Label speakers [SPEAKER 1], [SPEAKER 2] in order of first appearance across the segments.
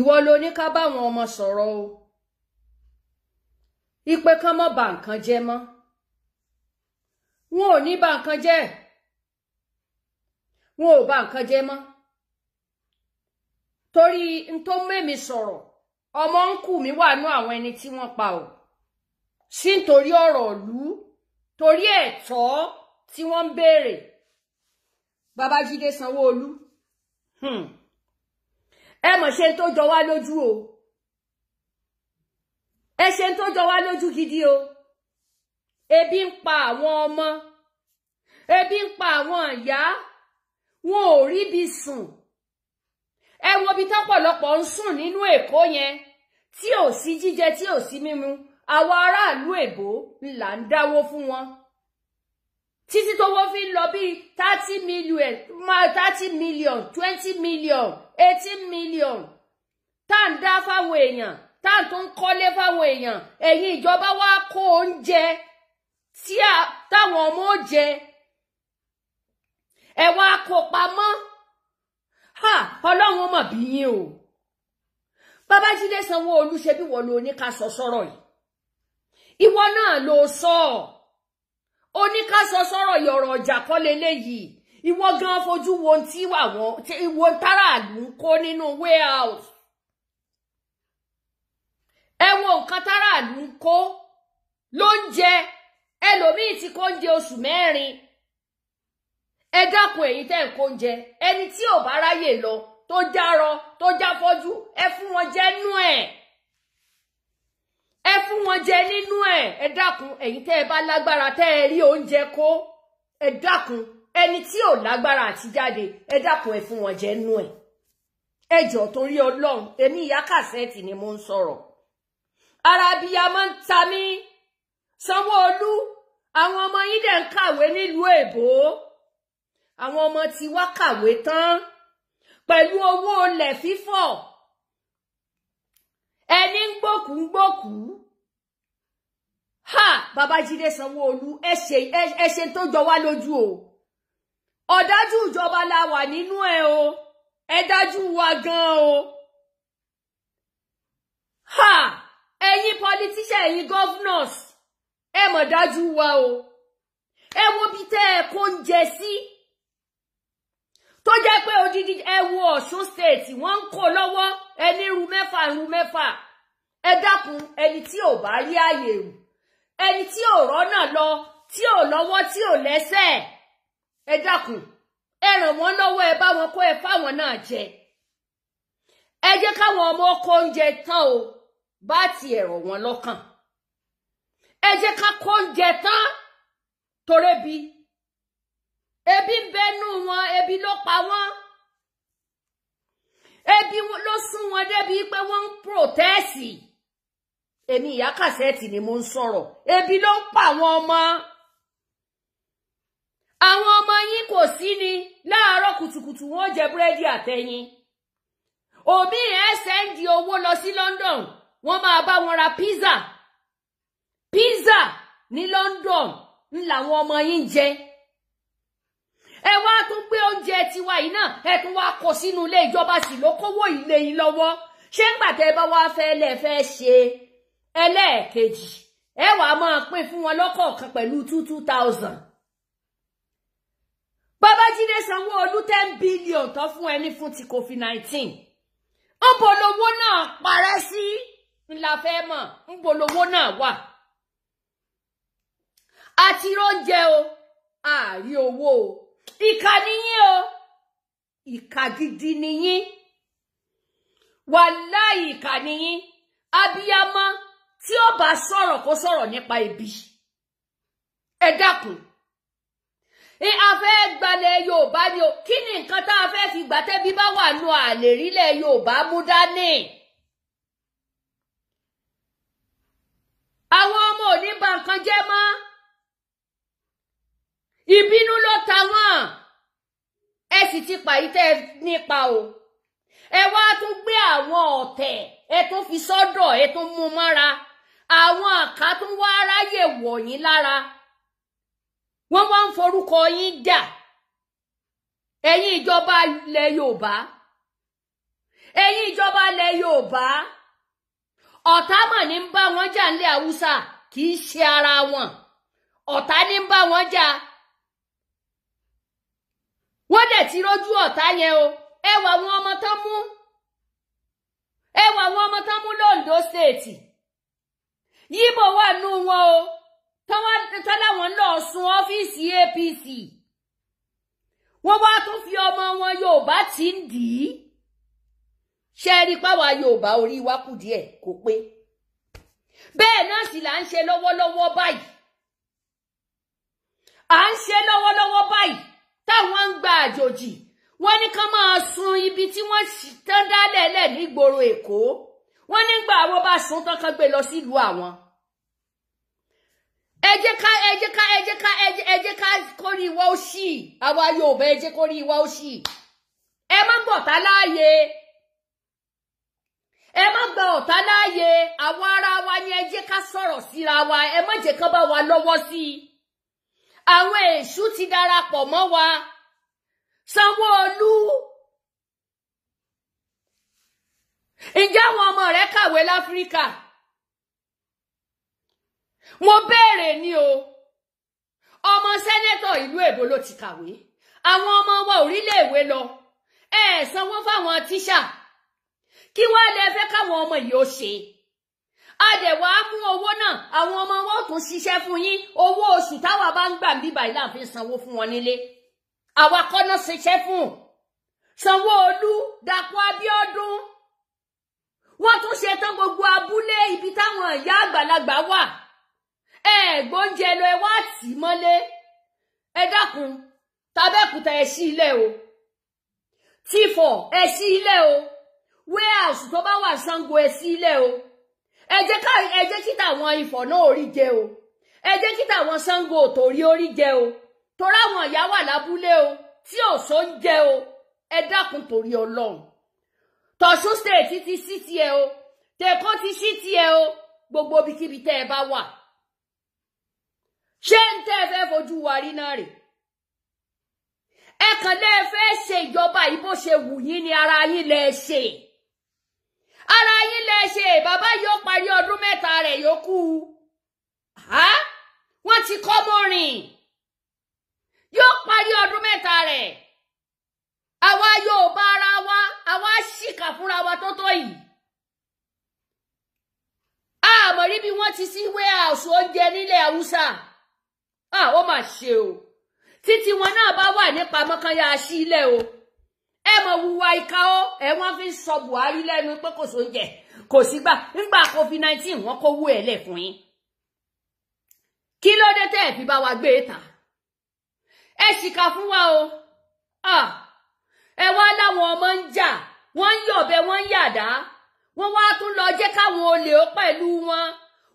[SPEAKER 1] ìwọ ló ní ká báwọn ọmọ sọ̀rọ̀ o ipe kan mọ́ bà nǹkan jẹ́ mọ́ wọn ò ní bà nǹkan jẹ́ wọn ò bà nǹkan jẹ́ mọ́ torí n tó mẹ́mi sọ̀rọ̀ ọmọ ń kù mí wà nú àwọn ẹni tí wọ́n pa ò sí nítorí ọrọ ìlú torí ẹ̀tọ́ tí wọ́n ń béèrè Babájídé sanwó Hmm. ẹ mọ̀ ṣe tó jọ wá lójú o ẹ ṣe tó jọ wá lójú gidi o ebi ń pa àwọn ọmọ ebi ń pa àwọn ìyá wọn ò ríbi sùn ẹ wo ibi tọ́pọ̀lọpọ̀ ń sùn nínú Èkó yẹn tí ò sí jíjẹ tí ò sí mímu àwọn aráàlú èbó là ń dáwó fún wọn títí tó wọ́n fi ń lọ bíi thirty million thirty million twenty million eighteen million tá à ń dá fáwọn èèyàn tá à ń tún kọ́lé fáwọn èèyàn ẹ̀yin ìjọba wa kó oúnjẹ tí táwọn ọmọ jẹ ẹ wá kó pamọ́ ọlọ́run mọ̀ bí yín o Babájídé sanwóolu olú ṣe bí wọ́n lo oníkàsọ sọ̀rọ̀ yìí ìwọ náà ló sọ ọ oníkàsọ sọ̀rọ̀ yìí ọ̀rọ̀ ọjà kọ́ lélẹ́yìí ìwọ gan fojú wo tí àwọn ìwọ táráàlú ń kó nínú warehouse ẹ̀wọ̀n nǹkan táráàlú ń kó ló ń jẹ ẹlòmíì tí kò ń jẹ oṣù mẹ́rin ẹ dákun èyí tẹ́ ń kó ń jẹ ẹni tí ò bá ráyè lọ tó járọ tó jáfọ́jú ẹ fún wọn jẹ nú ẹ̀ ẹ fún wọn jẹ nínú ẹ̀ ẹ dákun èyí tẹ́ ẹ bá lágbára tẹ́ ẹ rí oúnjẹ kó ẹ dákun ẹni tí ò lágbára àti jáde ẹ dàpọ̀ ẹ fún wọn jẹ́ nú ẹ̀ ẹjọ́ tó rí ọlọ́run èmi ìyá kàsẹ́ẹ̀tì ni mo ń sọ̀rọ̀ ara abiyá máa ń ta mí sanwó àwọn ọmọ yín dẹ̀ ń kàwé nílùú èbó àwọn ọmọ tí wá kàwé tán pẹ̀lú owó olẹ̀ fífọ̀ ẹni ń gbòkú ń gbòkú ha babájídé sanwó-olú ẹ ṣe tó jọ wá lójú o ọ̀dájú ìjọba la wà nínú ẹ o ẹ dájú wa gan o ha ẹ̀yin politician ẹ̀yin governors ẹ mọ̀ dájú wa o ẹ wo bí tẹ́ ẹ kó ń jẹ sí tó jẹ́ pé odidi ẹ wo Ọ̀ṣun state wọ́n ń kó lọ́wọ́ ẹni ru mẹ́fà ru mẹ́fà ẹ dákun ẹni tí ò bá rí àyè rù ẹni tí ò rọ́nà lọ tí ò lọ́wọ́ tí ò lẹ́sẹ̀. ẹ dákun ẹ ràn wọ́n lọ́wọ́ ẹ bá wọn kó ẹ fáwọn náà jẹ ẹ jẹ́ káwọn ọmọ kó oúnjẹ tán o bá tiẹ̀ rọ̀ wọn lọ́kàn ẹ jẹ́ ká kó oúnjẹ tán torí bí ebi ń bẹnu wọn ebi ló pa wọn ebi ló sún wọn débi pé wọn ń protẹ́sì èmi ìyá kàsẹ́ẹ̀tì ni mo ń sọ̀rọ̀ ebi ló ń pa wọn ọmọ. àwọn ọmọ yín kò sí ni láàárọ̀ kùtùkùtù wọn jẹ búrẹ́dì àtẹyin òbí ẹ sẹ́ndì owó lọ sí London wọ́n máa bá wọn ra pizza pizza ní London ń làwọn ọmọ yín jẹ ẹ wá tún gbé oúnjẹ tiwa yìí náà ẹ tún wá kó sínú ilé ìjọba sì ló kówó ilé yìí lọ́wọ́ ṣé ń gbàtẹ́ bá wá fẹ́ lẹ̀ fẹ́ ṣe ẹlẹ́ẹ̀kejì ẹ wàá máa pín fún wọn lọ́kọ̀ọ̀kan pẹ̀lú two two thousand. Baba babájídé olu ten billion tó fún ẹni fún ti covid nineteen ńbolowó náà parẹ́ sí ńlá fẹ́ mọ̀ ńbolowó náà wà àti oúnjẹ o àárí owó o ìkà nìyí o ìkà gidi nìyí wàláì ìkà nìyí abiyamọ tí ó bá sọ̀rọ̀ kó sọ̀rọ̀ nípa ibi ẹ ẹ a fẹ́ gbalẹ̀ Yorùbá ni o kí ni nǹkan tá a fẹ́ fi gbàtẹ́bí bá wà nù àlè rílẹ̀ Yorùbá mú dání. àwọn ọmọ ò ní ba nǹkan jẹ́ mọ́ ìbínú ló ta wọ́n ẹ sì ti pàyí tẹ́ nípa o ẹ wá tún gbé àwọn ọ̀tẹ̀ ẹ tún fi sọ́dọ̀ ẹ tún mú mọ́ra àwọn àká tún wá ráyè wọ̀nyí lára. wọ́n wá ń forúkọ yín jà ẹ̀yin ìjọba ilẹ̀ Yorùbá ẹ̀yin ìjọba ilẹ̀ Yorùbá ọ̀tá mọ̀ ní ń bá wọn jà nílẹ̀ Haúsá kì í ṣe ara wọn ọ̀tá ní ń bá wọn jà wọ́n dẹ̀ ti rójú ọ̀tá yẹn o ẹ wà àwọn ọmọ tán mú ẹ wà àwọn ọmọ tán mú l'Ondo stéètì yíbò wà nù wọn o. tọ́láwọn lọ sun ọ́fíìsì APC wọ́n wá tún fi ọmọ wọn Yorùbá tí ń dì í ṣe rí páwa Yorùbá orí wa kù díẹ̀ kò pé bẹ́ẹ̀ náà sì là ń ṣe lọ́wọ́lọ́wọ́ báyìí à ń ṣe lọ́wọ́lọ́wọ́ báyìí táwọn ń gba àjòjì wọ́n ní kán máa sun ibi tí wọ́n tán dálẹ̀ lẹ̀ nígboro Èkó wọ́n nígbà àwọn bá sun tán kán gbé lọ sílùú àwọn. Ejeka Ejeka Ejeka Ejeka jẹ́ ká ẹ jẹ́ ká ẹ jẹ́ ká kórìí wa ó ṣì àwa Yorùbá ẹ jẹ́ gba ọ̀tá laaye. àwọn ará wa ni ẹ jẹ́ ká sọ̀rọ̀ síra wa ẹ wa lọ́wọ́ si i esu ti darapọ̀ mọ́ wa Sanwó-Olú ǹjẹ́ àwọn ọmọ rẹ̀ kàwé láfíríkà. mo béèrè ni o ọmọ sẹ́nẹ́tọ̀ ìlú èbó ló ti kàwé àwọn ọmọ wa orílẹ̀-èwe lọ ẹ̀ sanwó fáwọn tíṣà kí wàá lè fẹ́ káwọn ọmọ yìí ó ṣe a dẹ̀ wá mú owó náà àwọn ọmọ wọn tún ṣiṣẹ́ fún yín owó oṣù táwa bá ń gbà bíbà yìí láàfin fi sanwó fún wọn nílé àwa kọ́ náà ṣiṣẹ́ fún Sanwó-Olú Dàpọ̀ Abíọ́dún wọ́n tún ṣetán gbogbo abúlé ibi táwọn ìyá àgbàlagbà wà ẹ gbóúnjẹ lọ ẹ wá tì í mọ́lé ẹ dákun tàbẹ́kùtà ẹ ṣí ilé o tífọ̀ ẹ ṣí ilé o wéhàsù tó bá wà Ṣàngó ẹ ṣí ilé o ẹ jẹ́ ká ẹ jẹ́ kí tàwọn Ifọ̀ náà orí jẹ o ẹ jẹ́ kí tàwọn Ṣàngó torí orí jẹ o torí àwọn ìyá wà lábúlé o tí òṣó ń jẹ o ẹ dákun torí Ọlọ́run t'Ọ̀ṣun state ti ṣí tiẹ̀ o t'Èkó ti ṣí tiẹ̀ o gbogbo ibikíbi tẹ́ ẹ bá wà ṣé ń tẹ́ ẹ fẹ́ fojú wa rí náà rè ẹ kàn lẹ́ ẹ fẹ́ ṣe ìjọba yìí bó ṣe wù yín ni ara yín lẹ ṣe ara yín lẹ ṣe bàbá yóò parí ọdún mẹ́ta rẹ̀ yòókù wọ́n ti kọ́ mọ́rin yóò parí ọdún mẹ́ta rẹ̀ àwa yóò bá ara wa àwa ṣìkà fúnra wa tó tó yìí àmọ̀rí bí wọ́n ti sí wẹ́hàùsù oúnjẹ nílẹ̀ haúsá ó mà ṣe o títí wọn náà bá wà nípa mọ́kànyá sí ilẹ̀ o ẹ mọ̀ wùwà ìka ó ẹ wọ́n fi ń sọ Buhari lẹ́nu pé kò sóúnjẹ kò sígbà nígbà covid nineteen wọ́n kó wú ẹ̀ lẹ̀ fún yín kí ló dé tẹ́ ẹ̀ fi bá wa gbé e si ẹ ṣìkà wa o ẹ wá láwọn ọmọ ń jà be ń yọ̀bẹ wọ́n wa yàdá wọ́n wá tún lọ jẹ́ káwọn olè ó pẹ̀lú wọn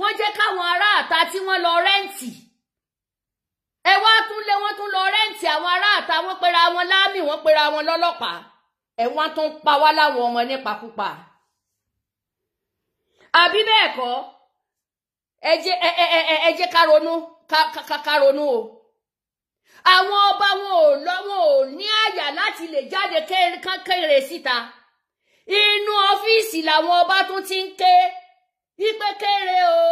[SPEAKER 1] wọ́n jẹ́ káwọn aráàta tí wọ́n lọ rẹ́ǹtì ẹ wá tún lé wọn tún lọ rẹ́ǹtì àwọn ará àtàwọn pera wọn láàmì wọn pera wọn lọ́lọ́pàá ẹ wọ́n tún pa wá láwọn ọmọ nípakúpa àbí bẹ́ẹ̀ kọ́ ẹ jẹ́ ẹ ẹ ẹ ẹ jẹ́ ká ronú o àwọn ọba wọn ò lọ́wọ́ ò ní àyà láti lè jáde kékeré síta inú ọ́fíìsì làwọn ọba tún ti ń ké wípé kéré o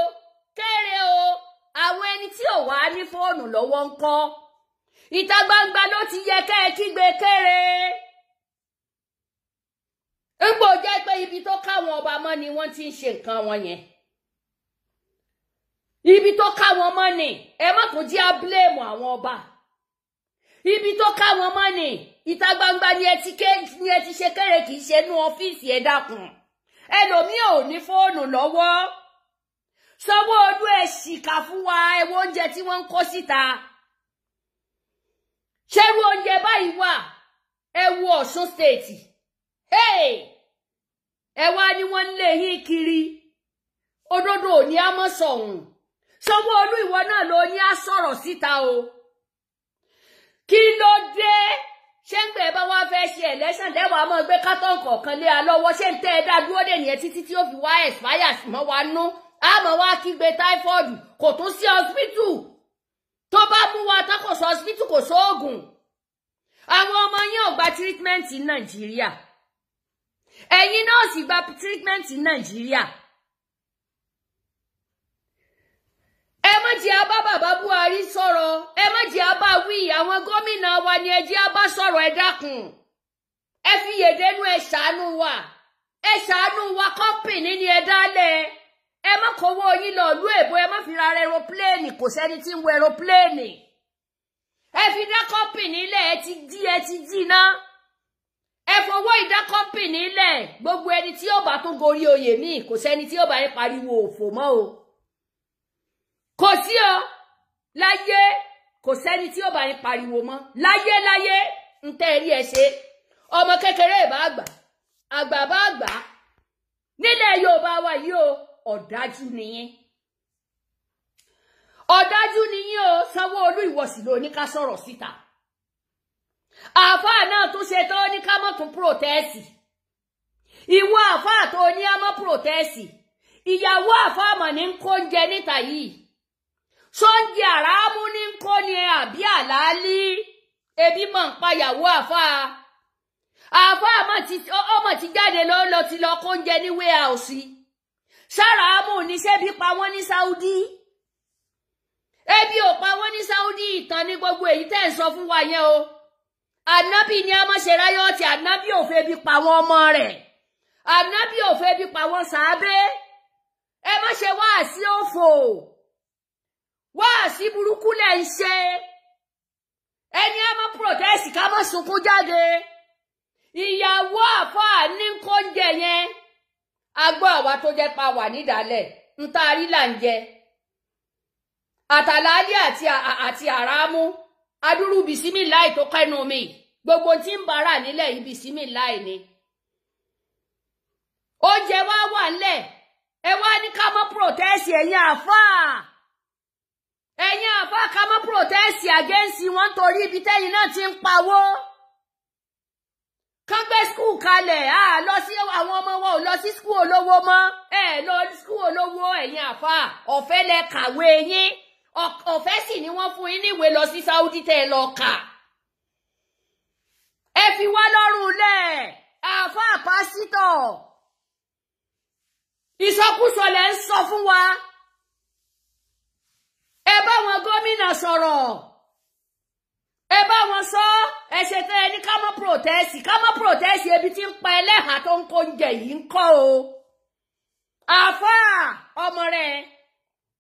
[SPEAKER 1] wá ní fóònù lọ́wọ́ ń kọ́ ìta gbangba ló ti yẹ kẹ́ ẹ kígbe kéré ipò jẹ́ pé ibi tó káwọn ọba mọ́ ni wọ́n ti ń ṣe nǹkan wọn yẹn ibi tó káwọn mọ́ ni ẹ má kò jẹ́ abúléèmù àwọn ọba ibi tó káwọn mọ́ ni ìta gbangba ni ẹ ti ṣe kéré kì í ṣe inú ọ́fíìsì ẹ dákun ẹlòmíì ò ní fóònù lọ́wọ́. sanwóolu ẹ̀ ṣìkà fún wa ẹ̀wọ̀ oúnjẹ tí wọ́n ń kó síta ṣẹ́rú oúnjẹ báyìí wà ẹ̀wù ọ̀ṣun stéètì ẹ̀wà ni wọ́n ń lé yín kiri òdodo ò ní á mọ́ sọ̀hún sanwóolu ìwọ náà ló ní á sọ̀rọ̀ síta o kí ló dé ṣé ń gbé bá wọn fẹ́ ṣe ẹ̀lẹ́ṣàn lẹ́wàá mọ́ gbé kátọ́ǹkọ̀ọ̀kan lé a lọ́wọ́ ṣé ń tẹ́ ẹ dá dúró dè nìyẹn títí tí ó fi wá ẹ̀sìpáyà mọ́ wa nú. àmọ́ wá kigbe typhoid kò to sí ọsibítù tó bá mú wa tákòsó ko kò ogun àwọn ọmọ yẹn gba tírítímẹ́ǹtì nàìjíríà ẹ̀yin náà si gba tírítímẹ́ǹtì nàìjíríà ẹ má buhari sọ̀rọ̀ ẹ má jẹ́ àwọn gómìnà wa ni eji aba soro sọ̀rọ̀ ẹ dákun ẹ wa wa e ma kowo yin ebo e ma ra aeroplane ko se ni aeroplane e fi da company e ti di e ti di na e fowo ida company le gbogbo eni ti o ba tun gori oye mi ko se ti o ba ni ofo mo o ko si o laye ko se ni ti laye laye nte ri e omo kekere e agba agba ba agba nile yo ba wa ọ̀dájú nìyẹn ọ̀dájú nìyẹn o Sanwó-Olú ìwọ̀sì ló ní ká sọ̀rọ̀ síta Àfáà náà tún ṣe tó ní ká mọ̀ tún protẹ́ẹ̀sì ìwọ àáfàá tó ní á mọ̀ protẹ́ẹ̀sì ìyàwó àáfàá mọ̀ ní kó ń jẹ níta yìí sóúnjẹ àràámú ní kó ni àbí àlàálí ebi mọ̀ ń payàwó Àfáà. Àfáà ọmọ ti jáde ló lọ ti lọ kó ń jẹ ní wéhàùsì. Ṣáráàmù níṣẹ́ bí pa wọ́n ní Saudi ebi ò pa wọ́n ní Saudi ìtàn ní gbogbo èyí tẹ́ ń sọ fún wa yẹn o ànábì ni a máa ṣe ráyọ́ọ̀tì ànábì ò fẹ́ bí pa wọ́n ọmọ rẹ̀ ànábì ò fẹ́ bí pa wọ́n sàábé ẹ má ṣe wáàsí òfò wáàsí burúkú lẹ̀ ń ṣe ẹni ẹ má protest ká má sunkún jáde ìyàwó àfọ àníkóúnjẹ yẹn. agbọ́ àwa tó jẹ́ pa wà nídàálẹ̀ ń tá a rí là ń jẹ àtàlálẹ́ àti àti àràmú adúrú bisimilayi tó kẹ́nu mi gbogbo tí ń bára nílẹ̀ yìí bisimilayi ni oúnjẹ wa wà nílẹ̀ ẹ wá ní ká mọ́ protẹ́sì ẹ̀yin àfáà ẹ̀yin àfáà ká mọ́ protẹ́sì àgẹ́sì wọn torí ibi tẹ́yin náà ti ń pawó. kán gbé skul kalẹ̀ a lọ sí àwọn ọmọ wa ò lọ sí skul olówó mọ́ ẹ lọ skul olówó ẹ̀yin àfa ọ̀fẹ́ lẹ kàwé yín ọ̀fẹ́ sì ni wọ́n fún yín níwèé lọ sí Saudi tẹ́ ẹ lọ kà ẹ fi wá lọ́rùn lẹ̀ àfa pásítọ̀ ìsọkúsọ lẹ ń sọ fún wa ẹ bá wọn gómìnà sọ̀rọ̀ ẹ bá wọn sọ ẹ ṣe tẹ ẹ ká mọ protest ká mọ protest ebi tí ń pa ẹlẹ́hàá tó ń kó oúnjẹ yìí ń kọ́ o àfáà ọmọ rẹ̀